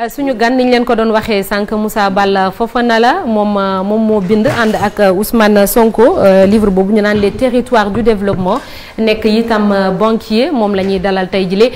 Euh, suñu gan niñ leen ko doon waxé sank Moussa Balla Fofana la mom euh, moom moo bind and ak euh, Ousmane Sonko livre bobu ñu naan les territoires du développement nekk itam banquier mom lañuy dalal tay jilé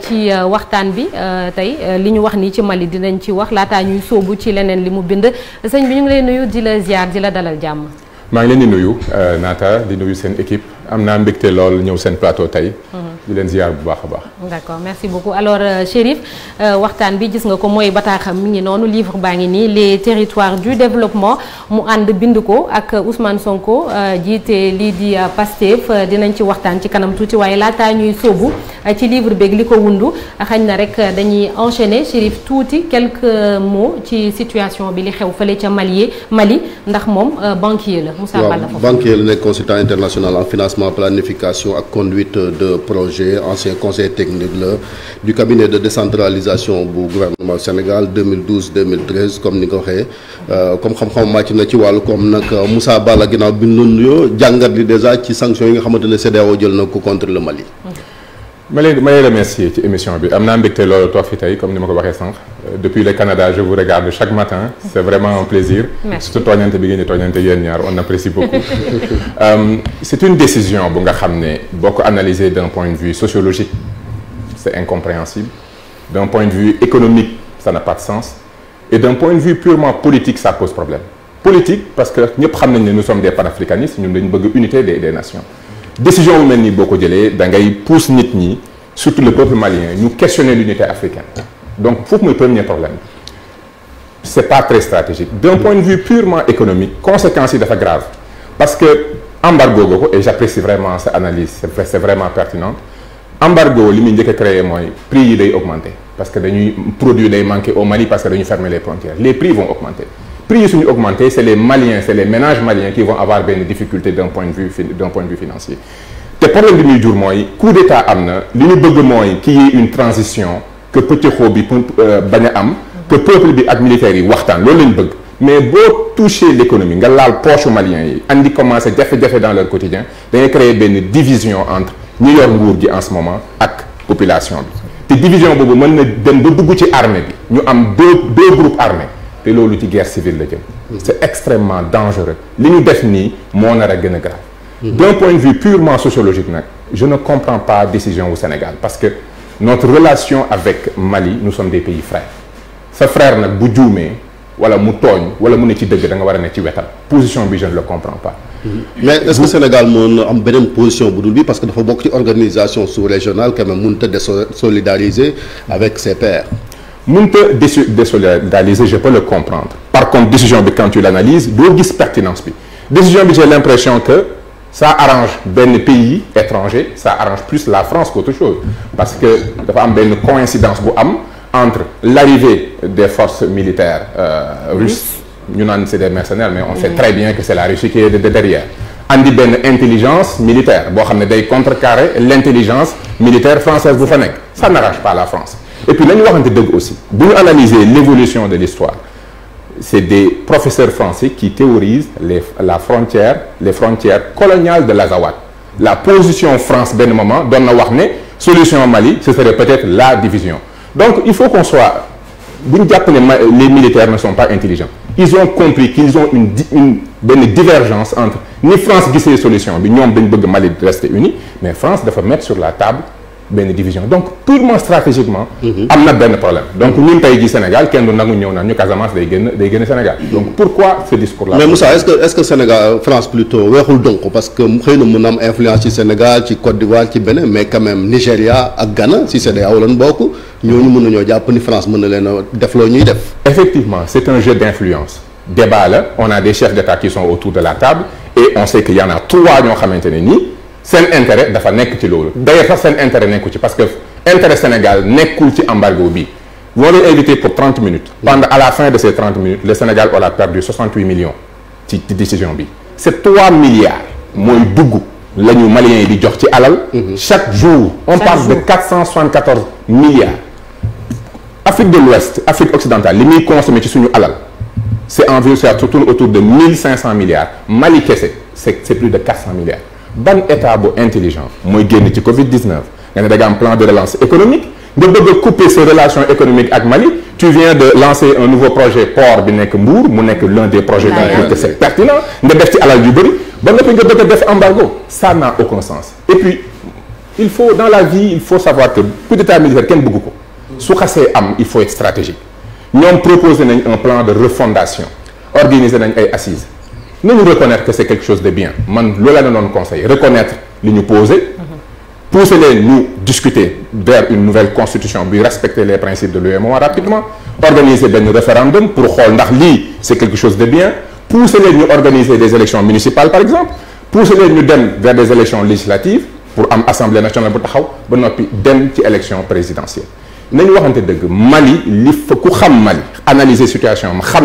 ci waxtaan bi tay liñu wax ni ci Mali dinañ ci wax laataa ñuy sóobu ci leneen limu bind señ bi ñu ngi lay nuyu di la ziar di la dalal jamm ma ngi leen di nuyu nata di nuyu seen équipe amna mbekté mbégte lool ñëw seen plateau tay mhm di ziar bu baax baax. d'accord merci beaucoup alors euh, Cherif, euh, waxtaan bi gis nga ko moy bataxam mi ngi noonu livre baa ngi les territoires du développement mu and bind ko ak Ousmane Sonko euh, jiite lii di Pastef dinañ ci waxtaan ci kanam tuuti la laataa ñuy sobu ci livre beeg liko wundu xagn na rek dañuy enchaîner Cherif, tuuti quelques mots ci situation bi li xew fele ca Mali Mali ndax mom banquier la. Moussa Balla banquier le consultant international en financement planification ak conduite de projet ancien conseil technique du cabinet de décentralisation du gouvernement Sénégal 2012 2013 comme ni le euh, comme xam-xam comme euh, Moussa Balagina qui bi ñu li déjà ci yi contre le Mali. Je vous remercie pour remercier émission comme euh, depuis le Canada je vous regarde chaque matin C'est vraiment un plaisir. Euh, c'est beaucoup. une décision bu d'un point de vue sociologique C'est incompréhensible D'un point de vue économique ça n'a pas de sens et d'un point de vue purement politique ça pose problème politique parce que nous sommes des panafricanistes nous sommes une unité des nations décision que mel beaucoup pousse surtout le peuple malien Nous questionner l'unité africaine donc pour me premier problème Ce n'est pas très stratégique d'un point de vue purement économique conséquence est grave parce que embargo et j'apprécie vraiment cette analyse c'est vraiment pertinent embargo le prix yi augmenter parce que les produits day manquer au Mali parce que a fermé les frontières les prix vont augmenter prix sont augmenté c'est les Maliens c'est les ménages maliens qui vont avoir des difficultés d'un point de vue d'un point de vue financier te problème du jour jur coût d'état am na li qui bëgg y une transition que le bi euh, bañ am que peuple et ak militaires yi waxtaan mais si bëgg mais pour toucher l'économie nga laal poche malien yi andi commencé à faire dans leur quotidien nous avons créé une division entre les York qui en ce moment la population Cette division boobu mën na armée deux groupes armés guerre civile c'est extrêmement dangereux Ce def nii grave d'un point de vue purement sociologique je ne comprends pas la décision au Sénégal parce que notre relation avec Mali nous sommes des pays frères sa frère sont bu juumee wala mu tooñ wala mu ne ci la da position je ne le comprends pas mm-hmm. mais est-ce que le Sénégal a une position parce qu'il faut beaucoup d'organisations sous-régionale qui même mun avec ses pairs nous désolidariser je peux le comprendre par contre décision de quand tu l'analyses pertinence décision j'ai l'impression que ça arrange les pays étrangers ça arrange plus la France qu'autre chose parce que y am une coïncidence entre l'arrivée des forces militaires euh, russes nous avons des mercenaires mais on sait très bien que c'est la Russie qui est derrière andi intelligence militaire on l'intelligence militaire française ça n'arrange pas la France et puis nañu waxante aussi Pour analyser l'évolution de l'histoire c'est des professeurs français qui théorisent les la frontière les frontières coloniales de l'Azawad la position France ben moment donne na wax solution Mali ce serait peut-être la division donc il faut qu'on soit les militaires ne sont pas intelligents ils ont compris qu'ils ont une une divergence entre ni France gisee solution bi ñoom dañ Mali rester uni mais France doit mettre sur la table une division donc purement stratégiquement. Mhm. am na un problème. donc mhm. ñun sommes ji Sénégal kenn du nangu ñëw naan ñu Casamance day Sénégal. Mhm. donc pourquoi ce discours là. mais Moussa est-ce que est-ce que Sénégal France plutôt weexul donc parce que nous avons une influence ci Sénégal ci Côte d'Ivoire ci Bénin mais quand même nigeria ak Ghana si des lan beaucoup nous nous nañoo jàpp ni France mën leen effectivement c'est un jeu d'influence. débat là, on a des chefs d'État qui sont autour de la table et on sait qu'il y en a trois ñoo ont ne sen intérêt dafa d'ailleurs c'est un intérêt parce que intérêt Sénégal nekkul ci embargo bi Vous allez éviter pour 30 minutes pendant à la fin de ces 30 minutes le Sénégal aura perdu 68 millions ci décision bi c'est 3 milliards moy maliens mhm. chaque jour on parle de 474 milliards Afrique de l'Ouest Afrique occidentale les milliers consommé ci suñu alal c'est environ ça autour de 1500 milliards Mali c'est plus de 400 milliards ban état bo intelligent moy guen ci Covid 19 On da un plan de relance économique nga bëgg couper ses relations économiques avec Mali tu viens de lancer un nouveau projet port de nek Mbour l'un des projets qui que c'est pertinent nga def ci alal yu bari ba nga embargo ça n'a aucun sens et puis il faut dans la vie il faut savoir que coup être militaire ken bëgg ko su il faut être stratégique ñom proposer nañ un plan de refondation organiser nañ ay assises nous reconnaître que c'est quelque chose de bien man vous conseil reconnaître les nous poser, pousser nous discuter vers une nouvelle constitution respecter les principes de l'UMO rapidement organiser un référendum pour voir c'est quelque chose de bien pousser nous organiser des élections municipales par exemple pousser les nous vers des élections législatives pour l'Assemblée assemblée nationale bu taxaw ba dem élection présidentielle Mali li analyser situation si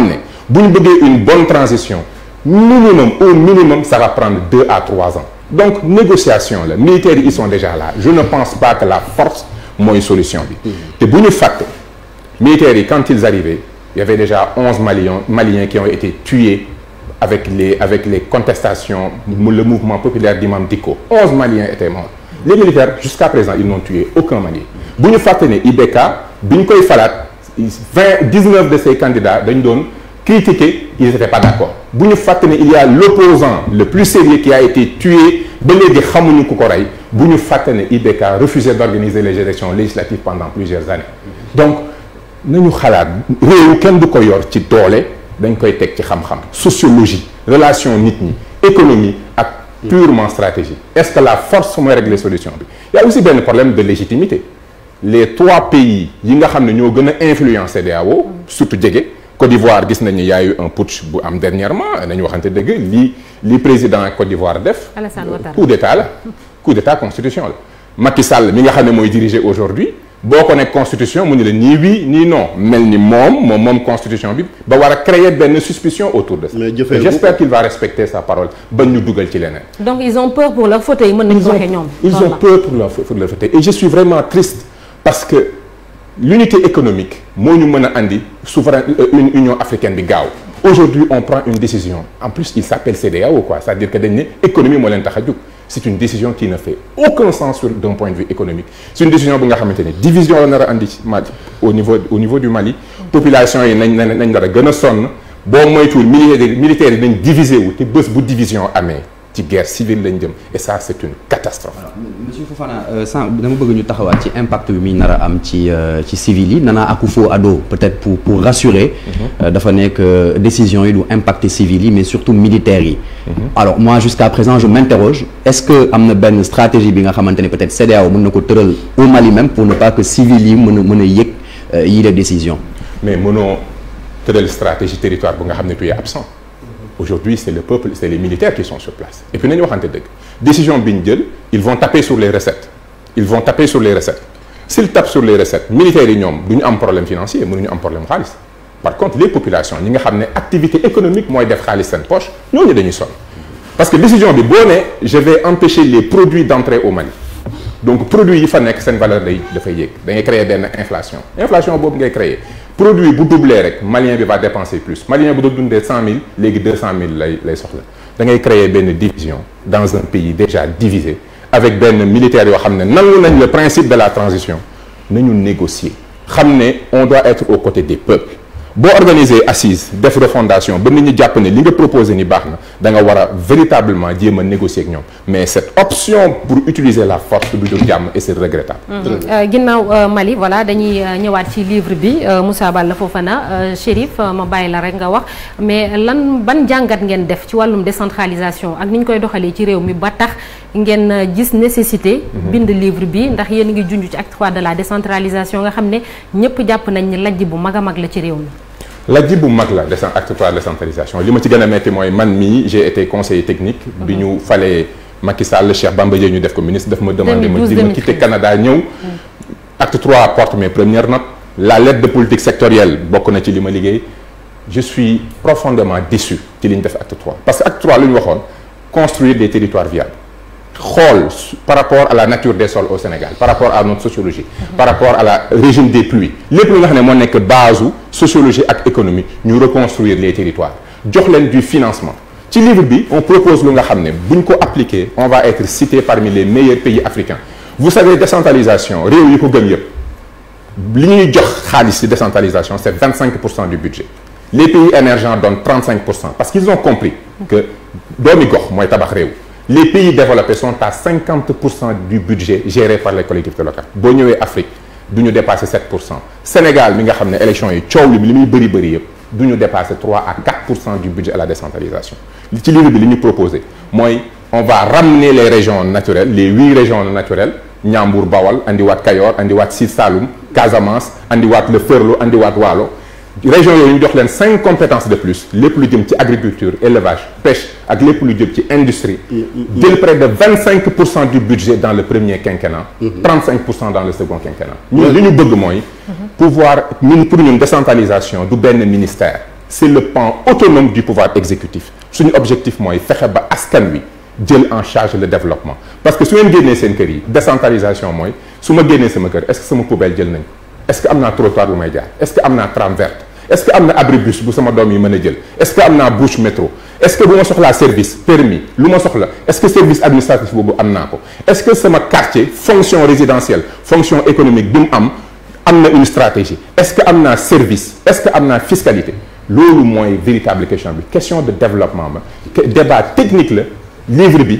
nous une bonne transition minimum au minimum ça va prendre deux à trois ans donc négociation les militaires ils sont déjà là je ne pense pas que la force une solution bi mm-hmm. militaires quand ils arrivaient il y avait déjà 11 maliens maliens qui ont été tués avec les avec les contestations le mouvement populaire d'Imam Diko 11 maliens étaient morts les militaires jusqu'à présent ils n'ont tué aucun malien bon IBK de ces candidats critiquer, ils n'étaient pas d'accord. il y a l'opposant le plus sérieux qui a été tué, Bougnou il IBK refusé d'organiser les élections législatives pendant plusieurs années. Donc, nous avons sociologie, relations économie et purement stratégie. Est-ce que la force va régler les solutions Il y a aussi bien le problème de légitimité. Les trois pays qui ont influencé les surtout Djégué, Côte d'Ivoire il y a eu un putsch dernièrement nañu y a eu li président Côte d'Ivoire def. coup d'état coup d'état constitution Macky Sall mi nga aujourd'hui, ne mooy diriger aujourd'hui constitution il ne la ni oui ni non mais ni mom, moom une constitution bi ba créer des suspicion autour de ça. j'espère qu'il va respecter sa parole donc ils ont peur pour leur faute ils ont peur pour leur faute et je suis vraiment triste parce que l'unité économique moo ñu andi euh, une union africaine de Gao. aujourd'hui on prend une décision en plus il s'appelle CDAO, quoi c'est-à-dire que a économie en train de c'est une décision qui ne fait aucun sens d'un point de vue économique c'est une décision qui nga xamante division au niveau au niveau du Mali population est nañ train de se faire. gën a militaire militaires sont divisés. diviser division ci guerre civile et ça c'est une catastrophe. monsieur Fofana euh, sans dama bëgg ñu taxawaat ci impact bi muy nar am ci euh, ci civil peut-être pour pour rassurer. Mhm. Euh, dafa que décision yi du impacter civil mais surtout militaire yi. Mhm. alors moi jusqu'à présent je m'interroge est-ce que nous une une stratégie bi nga xamante peut-être CEDEAO mën na ko au Mali même pour ne pas que civil yi mën les décisions. mais avons une stratégie territoire pour nga absent aujourd'hui c'est le peuple c'est les militaires qui sont sur place et puis nous avons dëgg décision bi ils vont taper sur les recettes ils vont taper sur les recettes s'ils tapent sur les recettes les militaires ils ñoom pas problème financier pas un problème moraliste. par contre les populations ils ont une activité économique ont def problèmes de poche ñooñu dañuy parce que la décision de Bonnet, je vais empêcher les produits d'entrer au Mali donc produits yi fa nekk valeur de ils yéeg de l'inflation. créer benn inflation inflation vous ngay créer produit bu doublé rek malien bi va dépenser plus malien bu do dundee 100 000 les 200 000 mille lay lay soxla da ngay créer division dans un pays déjà divisé avec des militaires yo xamné le principe de la transition Nous, négocier xamné on doit être aux côtés des peuples boo organiser assise def refondation ba nit ñi jàpp ne li nga proposé ni baax na da nga war véritablement jéem a négocier ak ñoom mais cette option pour utiliser la force du jur jàmm et c'est regrettable. Mm-hmm. Euh, ginnaaw euh, Mali voilà dañuy euh, ñëwaat ci livre bi Moussa Balla Fofana Chérif ma bàyyi la rek nga wax mais lan ban jàngat ngeen def ci wàllum décentralisation ak ni ñu koy doxalee ci réew mi ba tax ngeen gis nécessité. Mm-hmm. bind livre bi ndax yéen ngi junj ci acte trois de la décentralisation nga xam ne ñëpp nañ ni lajj bu mag a mag la ci réew mi. La djibou magla, l'acte de la centralisation. Ce que j'ai dit, j'ai été conseiller technique. Quand nous fallait Macky Sall, le cher Bamba Yenu, le ministre, me demandé de quitter le Canada. Mhm. Acte 3 apporte mes premières notes. l'alerte de politique sectorielle, si je suis je suis profondément déçu de l'acte 3. Parce que l'acte 3, nous avons construire des territoires viables par rapport à la nature des sols au Sénégal par rapport à notre sociologie mhm. par rapport à la régime des pluies Les lu nga que que sociologie et économie nous reconstruire les territoires jox du financement ci livre on propose lu nga appliqué on va être cité parmi les meilleurs pays africains vous savez décentralisation décentralisation c'est 25 du budget les pays émergents donnent 35 parce qu'ils ont compris mhm. que doomi gox tabac les pays développés sont à 50% du budget géré par les collectivités locales boo en Afrique nous avons dépasser 7% Sénégal mi nga une élection yi coow li li dépasser 3 à 4% du budget à la décentralisation L'utilité que nous bi c'est on va ramener les régions naturelles les 8 régions naturelles Nyambour, Bawal Kayor Andiwat Casamance Andiwat le Ferlo région yooyu ñu jox cinq compétences de plus les lu jëm ci agriculture élevage pêche ak les lu jëm ci industrie mm, mm, mm. jël près de 25% du budget dans le premier quinquennat 35% mm-hmm. dans le second quinquennat ñun li ñu bëgg mooy mm-hmm. pouvoir ñun pour ñun décentralisation du ministère c'est le pan autonome du pouvoir exécutif suñu objectif mooy fexe askan wi jël en charge le développement parce que si ngeen génnee seen kër décentralisation Si su ma génnee sama kër est-ce que sama poubelle jël nañ est-ce que a un trottoir bu may est-ce que a un tram verte est-ce que y un abribus bu sama doom yi mën est-ce que a un bouche métro est-ce que bu ma un service permis est-ce que service administratif est-ce que un quartier fonction résidentielle fonction économique il am une stratégie est-ce que a un service est-ce que a une fiscalité C'est la véritable question question de développement débat technique le livre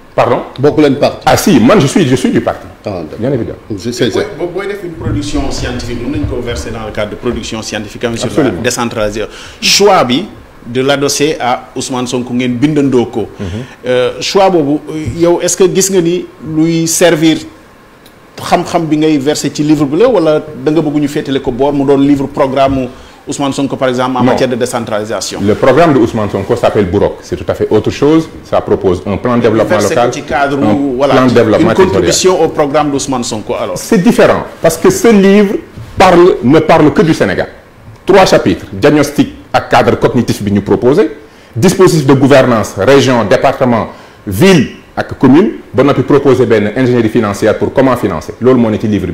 Pardon Beaucoup de parti. Ah si, moi je suis, je suis du parti. Ah, Bien évidemment. C'est ça. Vous pouvez une production scientifique, nous nous verser dans le cadre de production scientifique, hein, sur la décentralisation. Choix, de l'adosser à Ousmane Sonko ngeen bindandoo ko. Mhm. Euh, choix boobu euh, yow est-ce que gis nga ni luy servir xam-xam bi ngay verser ci livre bi la wala da nga bëgg ñu féetale ko bor mu doon livre programme Ousmane Sonko, par exemple, en matière de décentralisation Le programme de Ousmane Sonko s'appelle Bourok. C'est tout à fait autre chose. Ça propose un plan de développement local, un plan une contribution au programme d'Ousmane Sonko, alors C'est différent, parce que ce livre parle, ne parle que du Sénégal. Trois chapitres, diagnostic à cadre cognitif que nous proposé, dispositif de gouvernance, région, département, ville et commune a pu proposer une ingénierie financière pour comment financer C'est ce livre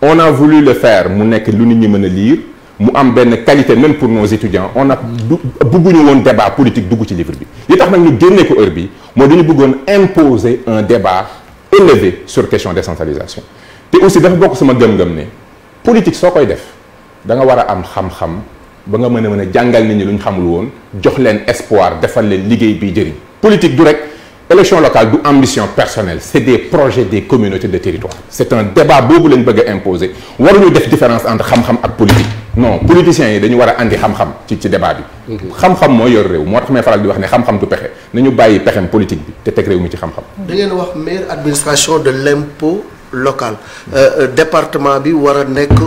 on a voulu le faire mu nekk lu lire mu am qualité même pour nos étudiants on a beaucoup de débat politique dans ci livre bi li tax nag ñu génnee ko heure bi imposer un débat élevé sur question décentralisation Et aussi que bokk sama gëm-gëm la politique soo quoi def da nga war am xam-xam ba nga mën a mën nit ñi luñ xamul woon jox leen espoir defal leen liguey bi politique du rek élection locale du ambition personnelle c'est des projets des communautés de territoire c'est un débat boobu leen bëgg imposer imposer ñu def différence entre xam-xam ak politique non politiciens yi dañu war a andi xam-xam ci ci débat bi mhm. xam-xam mooy yor réew moo tax may faral di wax ne xam-xam du pexe nañu bàyyi pexem politique bi te teg réew mi ci xam-xam da ngeen wax meilleure administration de l'impôt local euh, euh, département bi war a nekk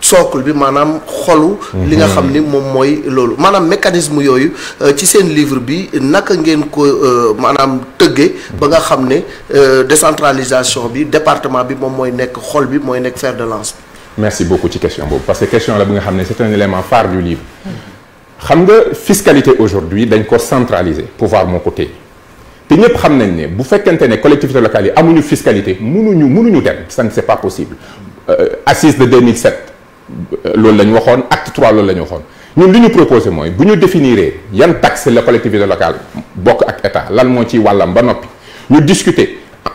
socle bi manam xolou mhm. li nga xamni mom moy lolu manam mécanisme yoyu euh, ci sen livre bi naka ngeen ko manam teugue ba nga xamné décentralisation bi département bi mom moy nekk xol bi moy nekk fer de lance merci beaucoup ci question parce que question la bi nga c'est un élément phare du livre xam nga fiscalité aujourd'hui dañ ko centraliser pouvoir voir mon côté, te ñëpp xam nañ ne bu fekkente ne collectivités locales yi amuñu fiscalité mënuñu mënuñu dem ça ne c'est pas possible euh, assise de 2007 euh, loolu acte 3 nous la ñu Nous, ñun li ñu proposé mooy bu ñu taxe la collectivité locale bokk ak état lan moo ci wàllam ba nous ñu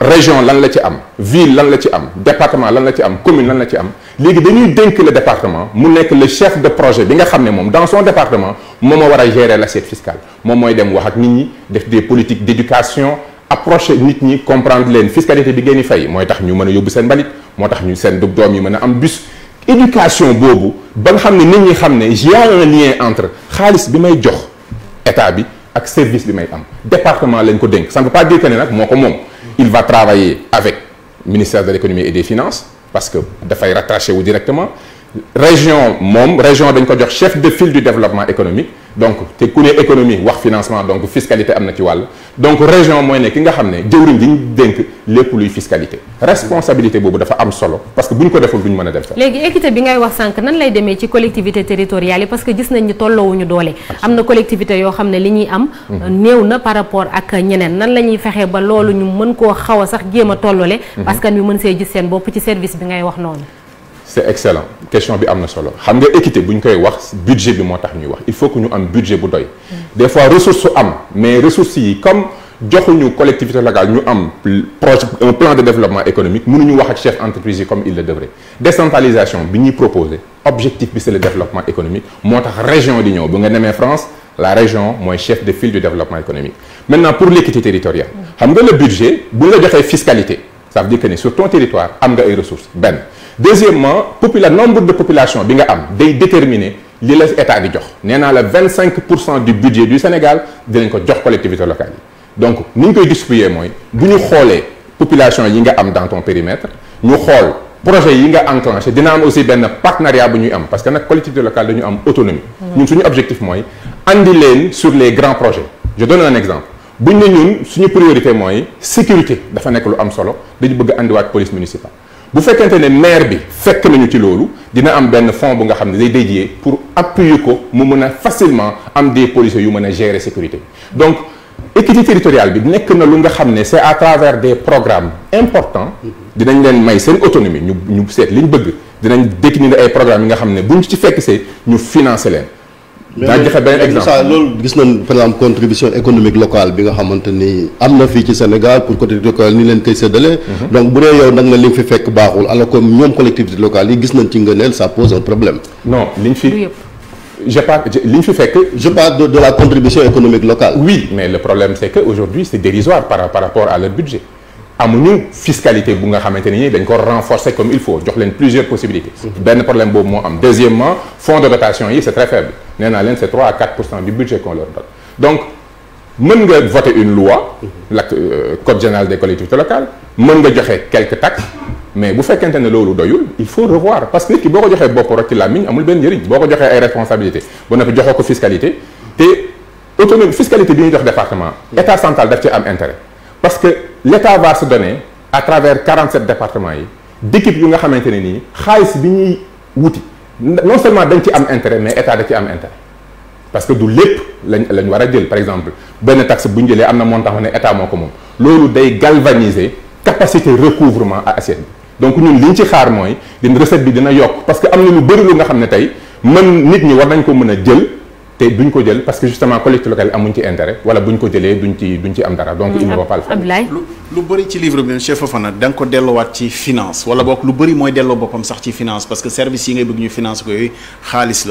région lan la ci am ville lan la ci am département lan la ci am commune lan la ci am légui dañuy denk le département mu nek le chef de projet bi nga xamné ne dans son département momo wara gérer l'assiette fiscale mom moy dem wax ak nit ñi def des politiques d'éducation approcher nit ñi comprendre leen fiscalité bi ngeen fay moy tax ñu mëna a yóbbu seen mbalit moo tax ñu seen doom yi mëna am bus éducation bobu ba nga xam ne nit ñi xamné ne un lien entre xaliss bi may jox état bi le service du j'ai. département lañ ça ne veut pas dire que il va travailler avec le ministère de l'économie et des finances parce que va rattaché directement région MOM, région de chef de file du développement économique donc te ku économie wax financement donc fiscalité amna ci wall donc région mooy ne ki nga xamné ne jëwriñ ji ñu dénk lépp luy fiscalité responsabilité bobu dafa am solo parce que buñ ko deful duñ mëna mën a légui équité bi ngay wax sank nan lay démé ci collectivité territoriale parce que gis nañ ni tolloowuñu doole doolé amna collectivité yo xamné ne li ñuy am mhm. néw na par rapport ak ñenen nan lañuy fexé ba lolu ñu mën ko xawa sax jéem tollolé parce que ñu mën see gis sen bopp ci service bi ngay wax noonu c'est excellent question bi amna équité budget il faut que ayons un budget mm. des fois les ressources sont am mais ressources comme nous collectivité locale ñu am un plan de développement économique Nous wax ak chef d'entreprise comme il le devrait décentralisation nous proposons. objectif c'est le développement économique c'est une région Si Si bu nga France la région est chef de file du développement économique maintenant pour l'équité territoriale mm. xam nga le budget bu avez la fiscalité ça veut dire que sur ton territoire am nga ay ressources deuxièmement le nombre de population bi nga am l'État. déterminer li la état jox du budget du Sénégal est ko jox collectivité locale locales. donc nous, ñu koy si nous bu les populations population yi nga dans ton périmètre ñu xool projet yi nga enclenché nous am aussi un partenariat que nous am parce que nag collectivité locale dañu am autonomie ñun suñu objectif mooy andi sur les grands projets je donne un exemple Si nous, ñun suñu priorité la sécurité dafa nekk lu am solo dañu bëgg police municipale bu qu'un tel maire bi fekk nañu ci loolu dina am benn fonds bu nga xam ne day dédié pour appuyer ko mu facilement am des policiers yu mën gérer sécurité donc équité territoriale bi nekk na lu nga xam c'est à travers des programmes importants dinañ leen may seen autonomie ñu ñu seet liñ bëgg dinañ décliner ay programmes yi nga xam ne buñ ci fekk c'est ñu financer daa joxe benn exemple mais nañ contribution économique locale bi nga xamante ni am ci Sénégal pour côté locale ni leen ces délais. Mhm. donc vous dee yow nag na li fi fekk alors que ñoom collectivité locale nañ ça pose un problème. non liñ je parle je parle de, la contribution économique locale. oui mais le problème c'est que aujourd'hui c'est dérisoire par rapport à leur budget. amuñu fiscalité bu nga xamante ni dañ ko renforcer comme il faut jox leen plusieurs possibilités. Ben, problème boobu moo am deuxièmement fonds de dotation yi c'est très faible c'est 3 à 4 du budget qu'on leur donne donc vous nga voter une loi le euh, code général des collectivités locales vous nga faire quelques taxes mais bu fekkente ne une doyul il faut revoir parce que si ki avez une ci vous amul une bonne responsabilité vous avez une que fiscalité te autonomie fiscalité bi dans jox département l'État central a ci intérêt parce que l'état va se donner à travers 47 départements yi d'équipe yu nga xamante ne nii bi non seulement dañ ci am intérêt mais état da ci am intérêt parce que du lepp lañ wara jël par exemple Ben taxe bu ñu amna montant ne état moko mom lolu day galvaniser capacité recouvrement à assiette donc ñun liñ ci xaar moy din recette bi dina yok parce que amna na lu bëri lu nga xamné tay man nit ñi war nañ ko mëna jël parce que justement collecte locale a ci intérêt wala buñ ko duñ ci donc il ne va pas le faire. livre chef Fofana finance wala lu finance parce que service yi finance ko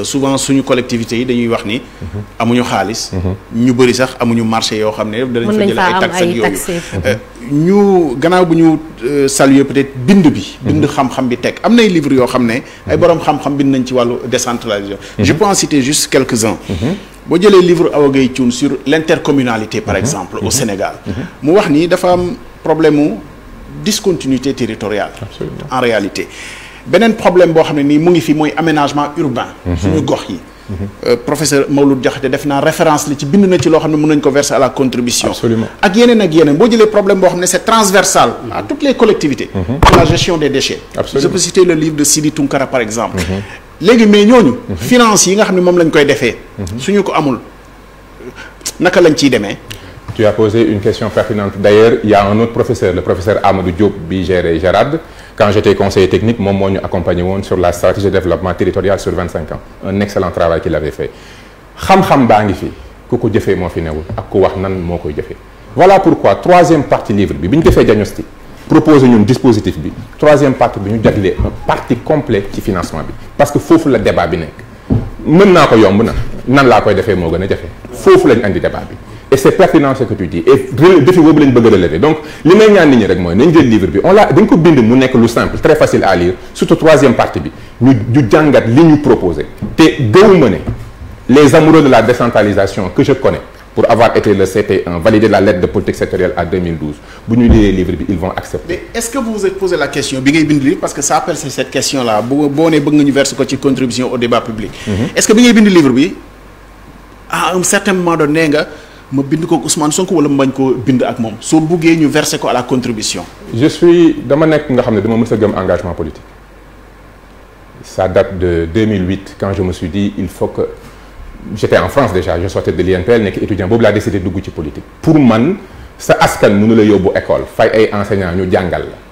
souvent suñu collectivités yi dañuy wax ni. Mhm. amuñu mhm. ñu sax marché yo xamné jël ay taxes euh, ñu gannaaw euh, saluer peut-être bi. Mhm. xam-xam bi je peux en citer juste quelques-uns. Si vous livre un livre sur l'intercommunalité par exemple au Sénégal mu wax ni dafa am problème de discontinuité territoriale en réalité un problème boo l'aménagement ni urbain le gox yi mhm. euh, professeur Mawlud a def référence li ci bind na ci à la contribution ak yeneen ak yeneen problème c'est xam c'est transversal à mhm. toutes les collectivités mhm. pour la gestion des déchets je peux citer le livre de Sidi Tunkara, par exemple léegi mais ñooñu. finance yi nga xamni mom lañ koy défé mhm. suñu ko amul naka lañ ciy démé tu as posé une question pertinente d'ailleurs il y a un autre professeur le professeur Amadou Diop bi géré Gérard quand j'étais conseiller technique mom moñu accompagné sur la stratégie de développement territorial sur 25 ans un excellent travail qu'il avait fait xam-xam baangi fi ku ko jëfee mo fi néwul ak ku wax nan mo koy voilà pourquoi troisième partie livre bi biñ ñu diagnostic proposer une dispositif bi troisième partie bi ñu parti mm-hmm. partie complète ci financement bi parce que faut la débat bi Maintenant mën naa ko yomb na nan laa koy faut moo le débat et c'est pertinent ce que tu dis et défi boobu de bëgg a relever donc li may ñaan nit ñi rek mooy nañ jël livre bi on l'a dañ ko bind mu simple très facile à lire surtout troisième partie bi ñu du jàngat li ñu proposé te gëwuma les amoureux de la décentralisation que je connais pour avoir été le CP1, valider la lettre de politique sectorielle à 2012, si nous les livres, ils vont accepter. Mais Est-ce que vous vous êtes posé la question, parce que ça appelle cette question-là, bon et bon univers, une contribution au débat public. Mm-hmm. Est-ce que vous avez le livre, à un certain moment donné, je bind ko Ousmane Sonko wala ma bañ koo bind ak moom soo buggee à la contribution. je suis dama mon engagement politique ça date de 2008 quand je me suis dit il faut que j'étais en France déjà je sortais de l'INPL nekk étudiant Bobla laa décidé de ci politique pour man ça askan mënu la yóbbu école fay ay enseignant ñu nous la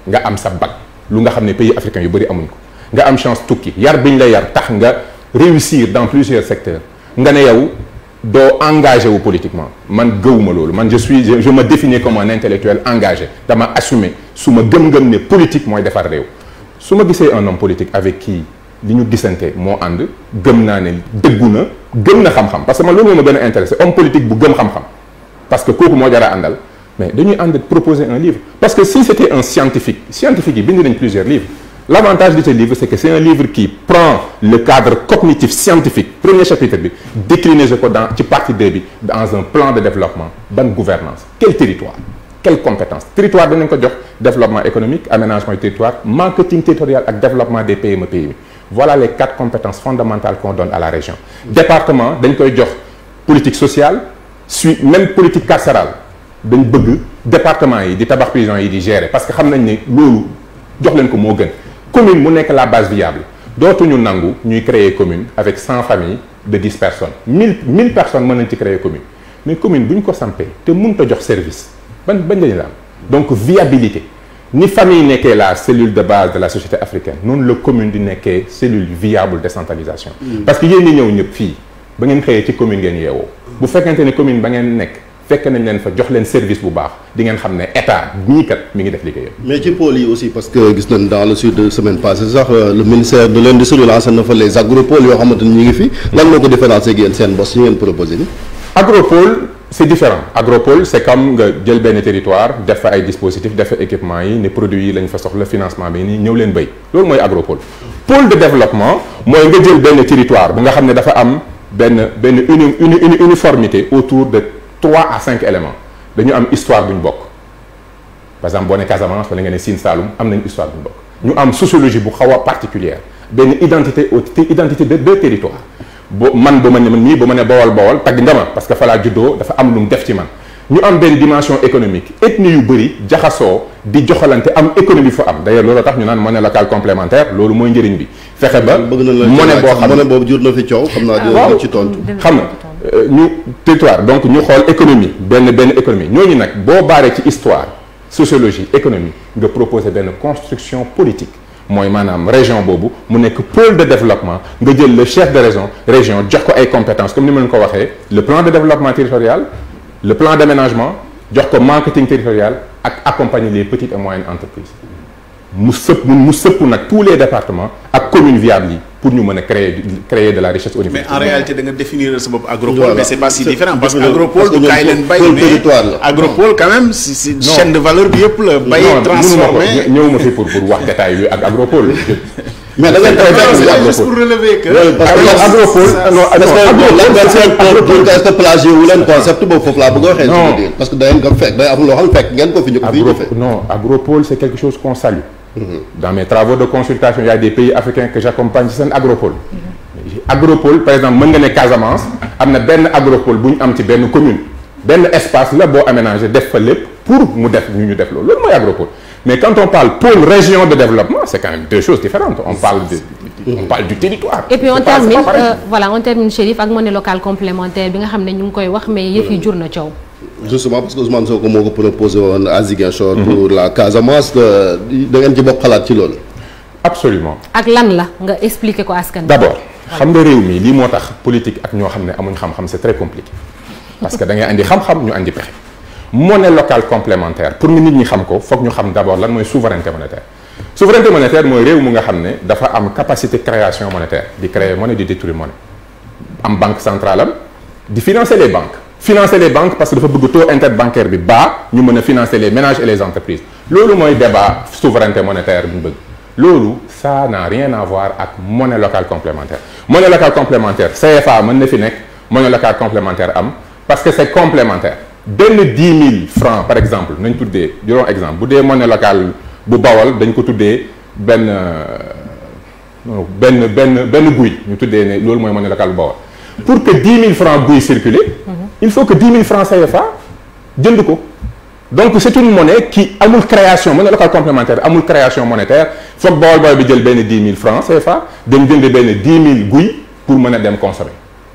nga am sa bac lu nga xamné ne pays africain yu bari amuñ ko nga am chance tukki yar biñ la yar tax nga réussir dans plusieurs secteurs nga ne yow engager engagé wu politiquement man geuwuma lolu man je suis je me définis comme un intellectuel engagé dama assumer suma ma gëm-gëm ne politique moy défar réew suma gissé un homme politique avec qui nous ñu mo and ànd gëm naa ne gëm xam-xam parce que man loolu moo intéressé homme politique bu gëm xam-xam parce que kooku mo jara a mais dañuy ànd proposer un livre parce que si c'était un scientifique scientifique il bind nañ plusieurs livres l'avantage de ce livre c'est que c'est un livre qui prend le cadre cognitif scientifique premier chapitre bi décliné dans partie dans un plan de développement bonne gouvernance quel territoire quelle compétence? territoire de ko développement économique aménagement du territoire marketing territorial et développement des PME PMI voilà les quatre compétences fondamentales qu'on donne à la région département politique sociale suite même politique carcérale département yi di tabax prison yi gérer parce que xam nañ une jox leen commune la base viable Nous, nangu ñuy créer commune avec 100 familles de 10 personnes 1000 personnes mon nañ commune mais commune si s'en ko sampee te mënut jox service ban ban donc viabilité ni famille n'est qu'elle la cellule de base de la société africaine non le commune n'est que cellule viable décentralisation mm. parce qu'il ya une une ñëpp fii ba ngeen xëyee ci commune ngeen yeewoo bu fekkente commune ba ngeen nekk fekk nañ leen fa service bu baax di ngeen état ñii kat mi mais ci aussi parce que dans le sud de semaine passée euh, le ministère de l'industrie lancé un les agropoles yoo xamante ni ñu ngi fi. lan moo ko différencier ak yéen seen proposé c'est différent agropole c'est comme nga jël territoire def fa dispositifs def équipement produits les fa financement les nii ñëw Le agropole pôle de développement moi nga jël benn territoire bu nga xam uniformité autour de 3 à 5 éléments avons une histoire d'une boc. par exemple si Casamance wala nga ne salum, histoire bu boc. une ñu am sociologie bu particulière Une identité identité de deux territoires man ba ma ne man nii ma ne bawal bawal tag nga parce que fala judo dafa am lu def ci man ñu am ben dimension économique ethnie yu bari jaxaso di joxalante am économie fa am d'ailleurs lolu tax ñu naan monnaie locale complémentaire lolu moy njëriñ bi fexé ba monnaie bo xam monnaie boobu jur na fi ciow xam naa dina ci tontu xam euh, ñu territoire donc ñu xol économie ben ben économie ñooñu nak bo baaree ci histoire sociologie économie nga proposer ben construction politique suis la région je mu que pôle de développement Je le chef de région région jox ko compétences comme nous l'avons dit, le plan de développement territorial le plan d'aménagement le marketing territorial ak accompagner les petites et moyennes entreprises nous sëpp tous les départements à communes viables pour nous mener créer créer de la richesse au niveau. mais en réalité da définir ce bopp agropole. mais c'est pas si différent parce que agropole c'est kaay agropole quand même c'est chaîne de valeur bi pour le bay transformé non ñëwuma pour pour wax détail bi agropole. mais c'est juste pour relever que. que concept parce que da ngeen non agropole c'est quelque chose qu'on salue Mhm. Dans mes travaux de consultation, il y a des pays africains que j'accompagne, c'est un agropole. Mhm. agropole par exemple cas agropole commune espace pour mais quand on parle pôle région de développement c'est quand même deux choses différentes on parle mhm. parle du territoire. et puis on termine euh, voilà on termine Chérif complémentaire mais justement parce que Ousmane Sonko moo ko proposé un à Ziguinchor. pour mhm. la Casamance euh, de ngeen ci bokk xalaat ci loolu. absolument ak lan la nga expliquer quoi askan d'abord xam nga réew mi lii la politique ak nous xam ne amuñ xam c'est très compliqué parce que da ngay andi xam-xam ñu andi pexe monnaie locale complémentaire pour nit ñi xam ko que ñu xam d'abord lan souveraineté monétaire La souveraineté monétaire c'est réew mu nga xam dafa am capacité création monétaire De créer monnaie de détruire monnaie am banque centrale de di financer les banques financer les banques parce que dafa bëgg taux interbancaire bi bas nous pouvons financer les ménages et les entreprises ce mooy débat souveraineté monétaire bi ça n'a rien à voir la monnaie locale complémentaire monnaie locale complémentaire CFA mën monnaie locale complémentaire parce que c'est complémentaire Donne dix mille francs par exemple nañ des durant exemple bu dee monnaie locale bu bawal dañ ko ben ben ben ben benn buy ñu des ne monnaie locale bawal pour que 10 000 francs buy circuler mhm il faut que 10 000 francs CFA de quoi donc c'est une monnaie qui a une création monnaie locale complémentaire une création monétaire Il faut que bi jël Ben 10 000 francs CFA dem jënd Ben 10 000 gouilles pour monnaie de dem consommer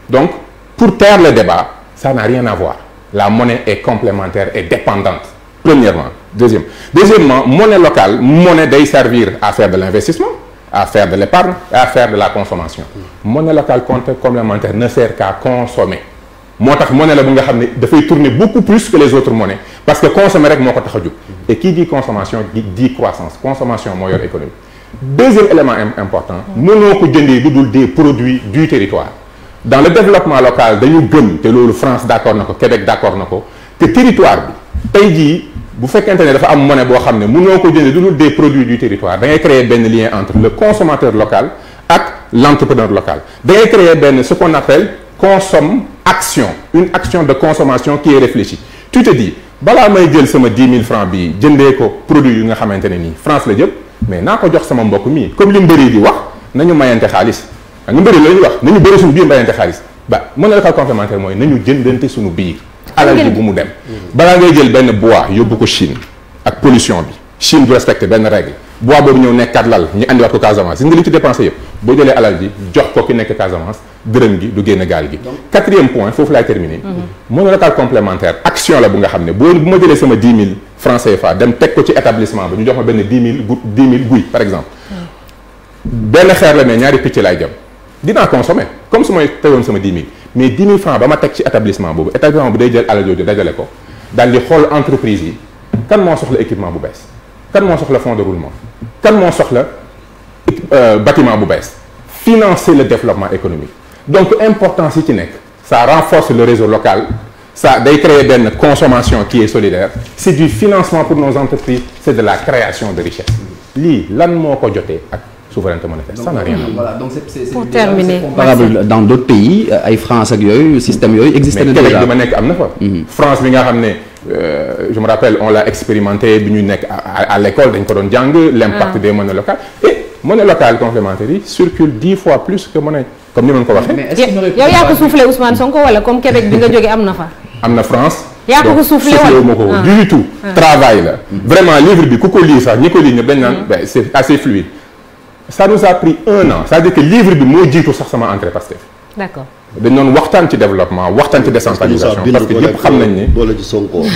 donc pour taire le débat ça n'a rien à voir la monnaie est complémentaire et dépendante premièrement deuxièmement monnaie locale monnaie doit servir à faire de l'investissement à faire de l'épargne à faire de la consommation monnaie locale complémentaire ne sert qu'à consommer moo monnaie la bu nga tourner beaucoup plus que les autres monnaies parce que consommer rek moo ko et qui dit consommation dit croissance consommation moyenne yor économie deuxième élément important nous n'avons pas des produits du territoire dans le développement local de l'Ugum des produits France d'accord n'ako Québec d'accord n'ako territoire bi vous vous faites fekkente ne monnaie boo xam nous des produits du territoire Vous ngay créer un lien entre le consommateur local et l'entrepreneur local Vous créer ce qu'on appelle consomme action une action de consommation qui est réfléchie tu te dis je may jël sama 10 000 francs bi jëndee ko produit yi nga France la jëm mais nako jox sama mbokk mi comme li mbeuri di wax nañu nga wax nañu suñu ba la ko nañu suñu alal dem jël bois ko Chine ak pollution Chine respecte respecter règle bois boobu ñeu nekkaat lal ñu andiwaat ko Casamance si li ci dépensé yëpp boo jëlee alal ji jox ko ki nekk Casamance dërëm gi du génn gaal gi 4e point fofu laay terminer mhm. monnaie locale complémentaire action la bu nga xamné ne buma bu sama 10000 francs CFA dem tek ko ci établissement ba ñu jox ma benn 10000 10000 gu guy par exemple mhm. benn xeer la ne ñaari picc lay jëm dina consommer comme su may tegoon sama 10000 mais 10 000 francs ba ma teg ci établissement bobu établissement bu day jël alal jooju dajalé ko dal di xol entreprise yi kan mo soxla équipement bu bees sur le le fonds de roulement tellement sur le bâtiment à financer le développement économique donc important, tu ci que ça renforce le réseau local ça a une une consommation qui est solidaire c'est du financement pour nos entreprises c'est de la création de richesse Li, lan co souveraineté monétaire ça n'a rien à donc pour terminer dans d'autres pays euh, ay France ak système yooyu déjà mais mhm. France euh, je me rappelle on l'a expérimenté à l'école de ko doon l'impact ah. des monnaies locales et monnaie locale complémentaire circule dix fois plus que monnaie comme ni on ko faire que yaa ko soufflé Ousmane Sonko comme Québec bi nga a un Amna fa France Il y a soufflé ah. du tout ah. travail Vraiment, mm-hmm. vraiment livre de ku ça, ça, mm. ben, c'est assez fluide ça nous a pris un an Ça à dire que livre bi tout ça, sax sama entrée Pasteur. d'accord dañ non waxtaan ci développement waxtaan ci décentralisation parce que ñëpp xam nañ ne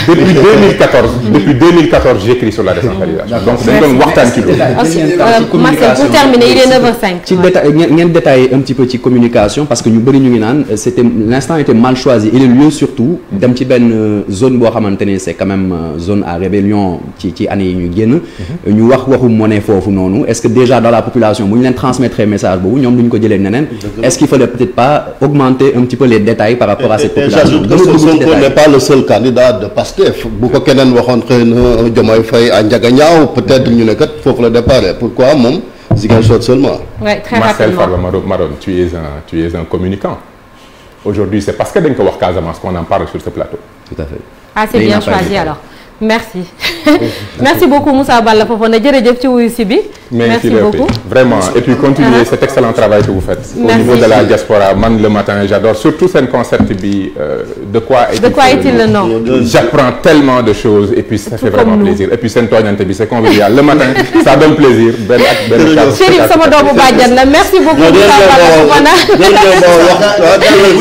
depuis 2014 depuis 2014 j'écris sur la décentralisation donc dañu doon waxtaan ci loolu euh, Marcel pour terminer il est 9h05 ci détail ngeen détail un petit peu ci communication parce que ñu bari ñu ngi naan euh, c'était l'instant était mal choisi et le lieu surtout dem ci benn euh, zone boo xamante ne c'est quand même zone à rébellion ci ci année yi ñu génn mhm. ñu wax waxu monnaie foofu noonu est-ce que déjà dans la population bu ñu leen transmettre message boobu ñoom duñ ko jëlee neneen est-ce qu'il fallait peut-être pas augmenter un petit peu les détails par rapport à cette population. J'ajoute que ce n'est pas le seul candidat de PASTEF. beaucoup ko va rentrer dans le Diomaye Faye à peut-être une ne pour le départ pourquoi moom chose seulement. Marcel Maron tu es un tu es un communicant. aujourd'hui c'est parce que wax qu'on en parle sur ce plateau. tout à ah c'est bien choisi alors. merci merci beaucoup Moussa Balla merci beaucoup vraiment et puis continuez ah. cet excellent travail que vous faites. au niveau de la diaspora man le matin j'adore surtout ce concept de quoi. Euh, de quoi est-il le nom j'apprends tellement de choses et puis ça fait vraiment plaisir et puis c'est convivial le matin ça donne plaisir ben merci beaucoup Moussa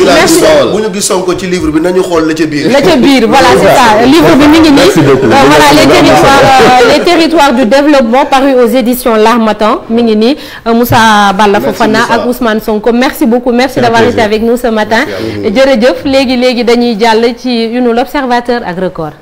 merci beaucoup. livre voilà les territoires euh, les territoires du développement parus aux éditions L'Armatan, Mingini, euh, Moussa Balla Fofana Ousmane Sonko merci beaucoup merci d'avoir été avec nous ce matin jërëjëf Légui Légui, dañuy jàll ci une l'observateur à record